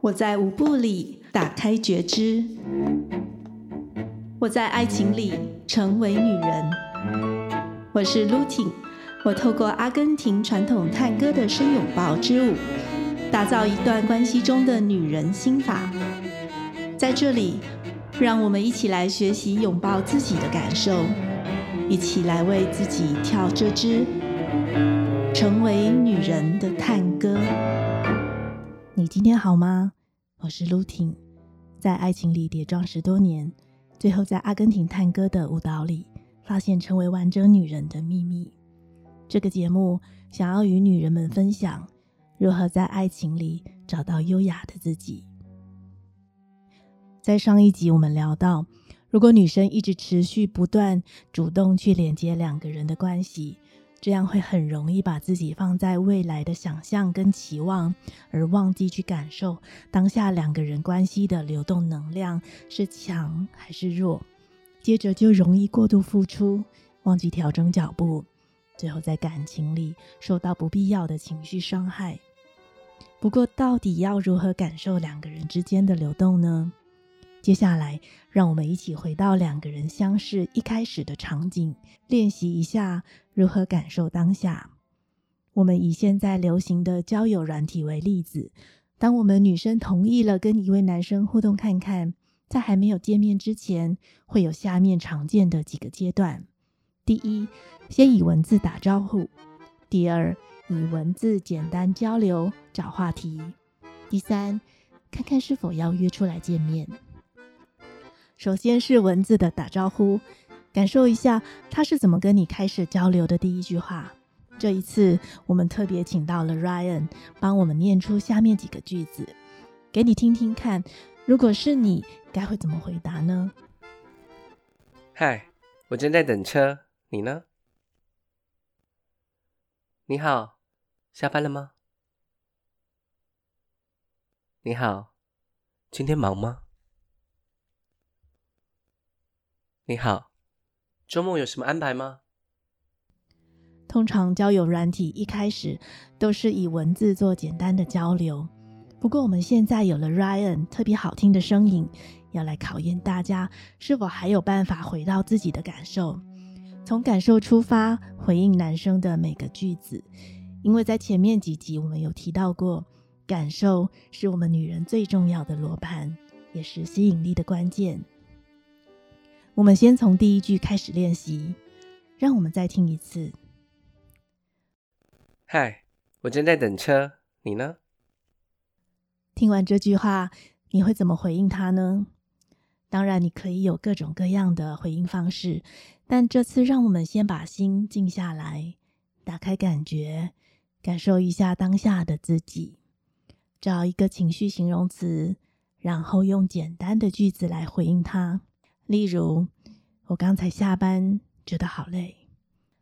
我在舞步裡打開覺知，我在愛情裡成為女人。我是 Lutin，我透過阿根廷傳統探戈的深擁抱之舞，打造一段關係中的女人心法。在這裡，讓我們一起來學習擁抱自己的感受，一起來為自己跳這支成為女人的探戈。你今天好嗎？我是露婷，在愛情裡跌撞十多年，最後在阿根廷探戈的舞蹈裡，發現成為完整女人的秘密。這個節目想要與女人們分享，如何在愛情裡找到優雅的自己。在上一集我們聊到，如果女生一直持續不斷主動去連接兩個人的關係。這樣會很容易把自己放在未來的想象跟期望，而忘記去感受當下兩個人關係的流動能量是強還是弱。接着就容易過度付出，忘記調整腳步，最後在感情裡受到不必要的情緒傷害。不過，到底要如何感受兩個人之間的流動呢？接下來，讓我們一起回到兩個人相識一開始的場景，練習一下如何感受當下。我們以現在流行的交友軟體為例子，當我們女生同意了跟一位男生互動，看看在還沒有見面之前，會有下面常見的幾個階段：第一，先以文字打招呼；第二，以文字簡單交流，找話題；第三，看看是否要約出來見面。首先是文字的打招呼，感受一下他是怎麼跟你開始交流的第一句話。這一次我們特別請到了 Ryan 幫我們念出下面幾個句子，給你聽聽看。如果是你，該會怎麼回答呢？嗨，我正在等車，你呢？你好，下班了嗎？你好，今天忙嗎？你好，週末有什麼安排嗎？通常交友軟體一開始都是以文字做簡單的交流，不過我們現在有了 Ryan 特別好聽的聲音，要來考驗大家是否還有辦法回到自己的感受，從感受出發回應男生的每個句子。因為在前面幾集我們有提到過，感受是我們女人最重要的羅盤，也是吸引力的關鍵。我們先從第一句開始練習。讓我們再聽一次。嗨，我正在等車，你呢？聽完這句話，你會怎麼回應他呢？當然，你可以有各種各樣的回應方式，但這次讓我們先把心靜下來，打開感覺，感受一下當下的自己，找一個情緒形容詞，然後用簡單的句子來回應他。例如，我剛才下班覺得好累，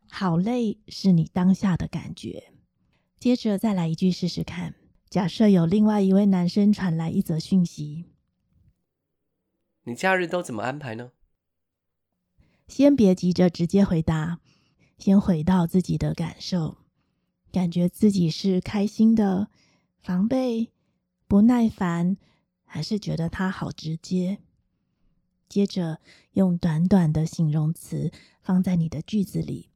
好累是你當下的感覺。接着再來一句試試看。假設有另外一位男生傳來一則訊息，你假日都怎麼安排呢？先別急着直接回答，先回到自己的感受，感覺自己是開心的、防備、不耐煩，還是覺得他好直接？接着用短短的形容詞放在你的句子裡，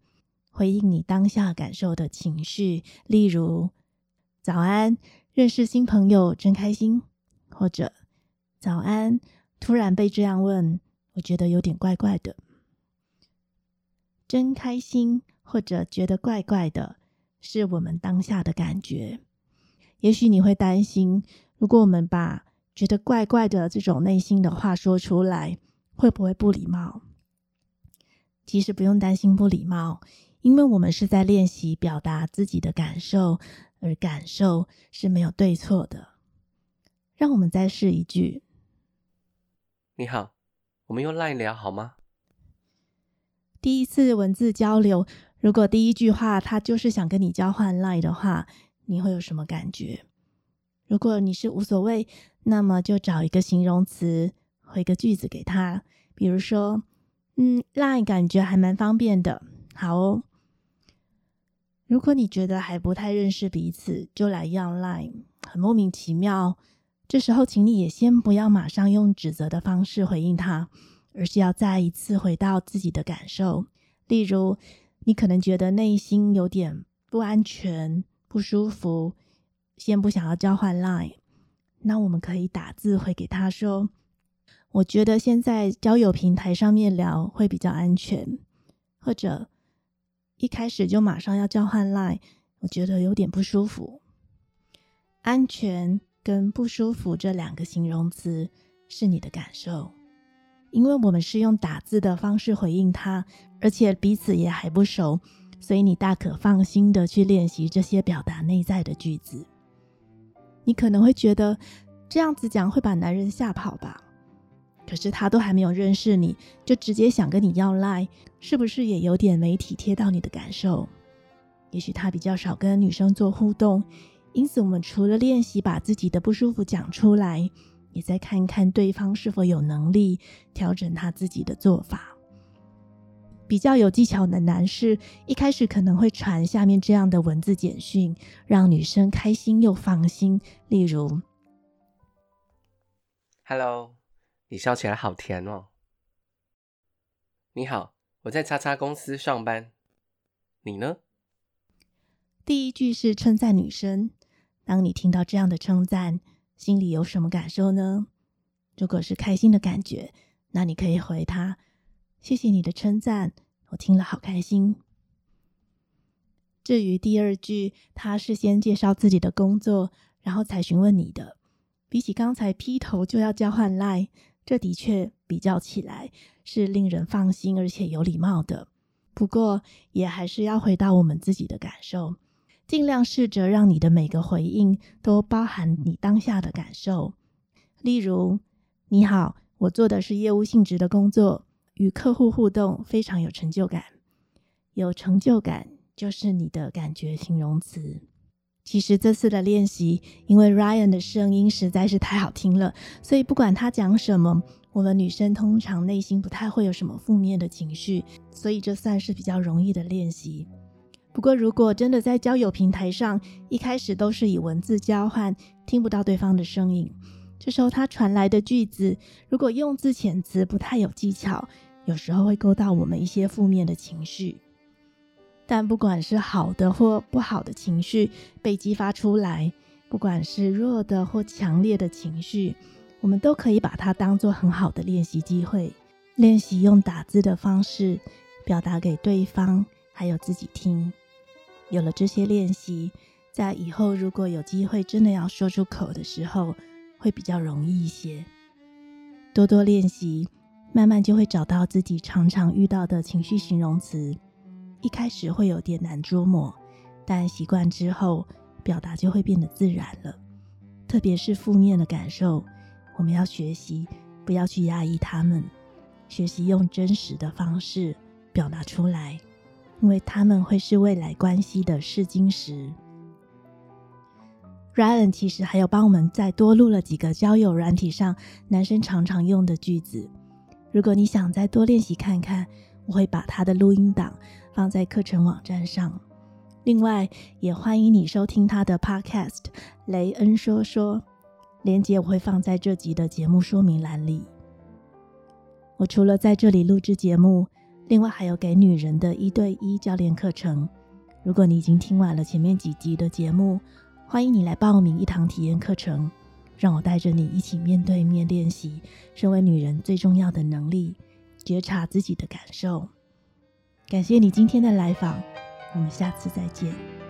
回應你當下感受的情緒，例如“早安，認識新朋友真開心”，或者“早安，突然被這樣問，我覺得有點怪怪的”。真開心，或者覺得怪怪的，是我們當下的感覺。也許你會擔心，如果我們把覺得怪怪的，這種內心的話說出來會不會不禮貌？其實不用擔心不禮貌，因為我們是在練習表達自己的感受，而感受是沒有對錯的。讓我們再試一句：“你好，我們用 LINE 聊好嗎？”第一次文字交流，如果第一句話他就是想跟你交換 LINE 的話，你會有什麼感覺？如果你是無所謂，那麼就找一個形容詞回個句子給他，比如說，嗯，line 感覺還蠻方便的，好哦。如果你覺得還不太認識彼此，就來要 line 很莫名其妙。這時候，請你也先不要馬上用指責的方式回應他，而是要再一次回到自己的感受，例如，你可能覺得內心有點不安全、不舒服。先不想要交換 line，那我們可以打字回給他說：“我覺得現在交友平台上面聊會比較安全，或者一開始就馬上要交換 line，我覺得有點不舒服。安全跟不舒服這兩個形容詞是你的感受，因為我們是用打字的方式回應他，而且彼此也還不熟，所以你大可放心的去練習這些表達內在的句子。”你可能會覺得，這樣子講會把男人嚇跑吧？可是他都還沒有認識你，就直接想跟你要賴，是不是也有點沒體貼到你的感受？也許他比較少跟女生做互動，因此我們除了練習把自己的不舒服講出來，也再看看對方是否有能力調整他自己的做法。比較有技巧的男士，一開始可能會傳下面這樣的文字簡訊，讓女生開心又放心。例如：“Hello，你笑起來好甜哦。”“你好，我在叉叉公司上班，你呢？”第一句是稱讚女生。當你聽到這樣的稱讚，心裡有什麼感受呢？如果是開心的感覺，那你可以回她。謝謝你的稱讚，我聽了好開心。至於第二句，他是先介紹自己的工作，然後才詢問你的。比起剛才劈頭就要交換 LINE，這的確比較起來是令人放心而且有禮貌的。不過，也還是要回到我們自己的感受，盡量試着讓你的每個回應都包含你當下的感受。例如，你好，我做的是業務性質的工作。與客戶互動非常有成就感，有成就感就是你的感覺形容詞。其實這次的練習，因為 Ryan 的聲音實在是太好聽了，所以不管他講什麼，我們女生通常內心不太會有什麼負面的情緒，所以這算是比較容易的練習。不過，如果真的在交友平台上，一開始都是以文字交換，聽不到對方的聲音，這時候他傳來的句子，如果用字遣詞不太有技巧。有時候會勾到我們一些負面的情緒，但不管是好的或不好的情緒被激發出來，不管是弱的或強烈的情緒，我們都可以把它當做很好的練習機會，練習用打字的方式表達給對方，還有自己聽。有了這些練習，在以後如果有機會真的要說出口的時候，會比較容易一些。多多練習。慢慢就會找到自己常常遇到的情緒形容詞，一開始會有點難捉摸，但習慣之後表達就會變得自然了。特別是負面的感受，我們要學習不要去壓抑他們，學習用真實的方式表達出來，因為他們會是未來關係的試金石。Ryan 其實還有幫我們再多錄了幾個交友軟體上男生常常用的句子。如果你想再多練習看看，我會把他的錄音檔放在課程網站上。另外，也歡迎你收聽他的 Podcast《雷恩說說》，連接我會放在這集的節目說明欄裡。我除了在這裡錄製節目，另外還有給女人的一對一教練課程。如果你已經聽完了前面幾集的節目，歡迎你來報名一堂體驗課程。讓我帶着你一起面對面練習，身為女人最重要的能力——覺察自己的感受。感謝你今天的來訪，我們下次再見。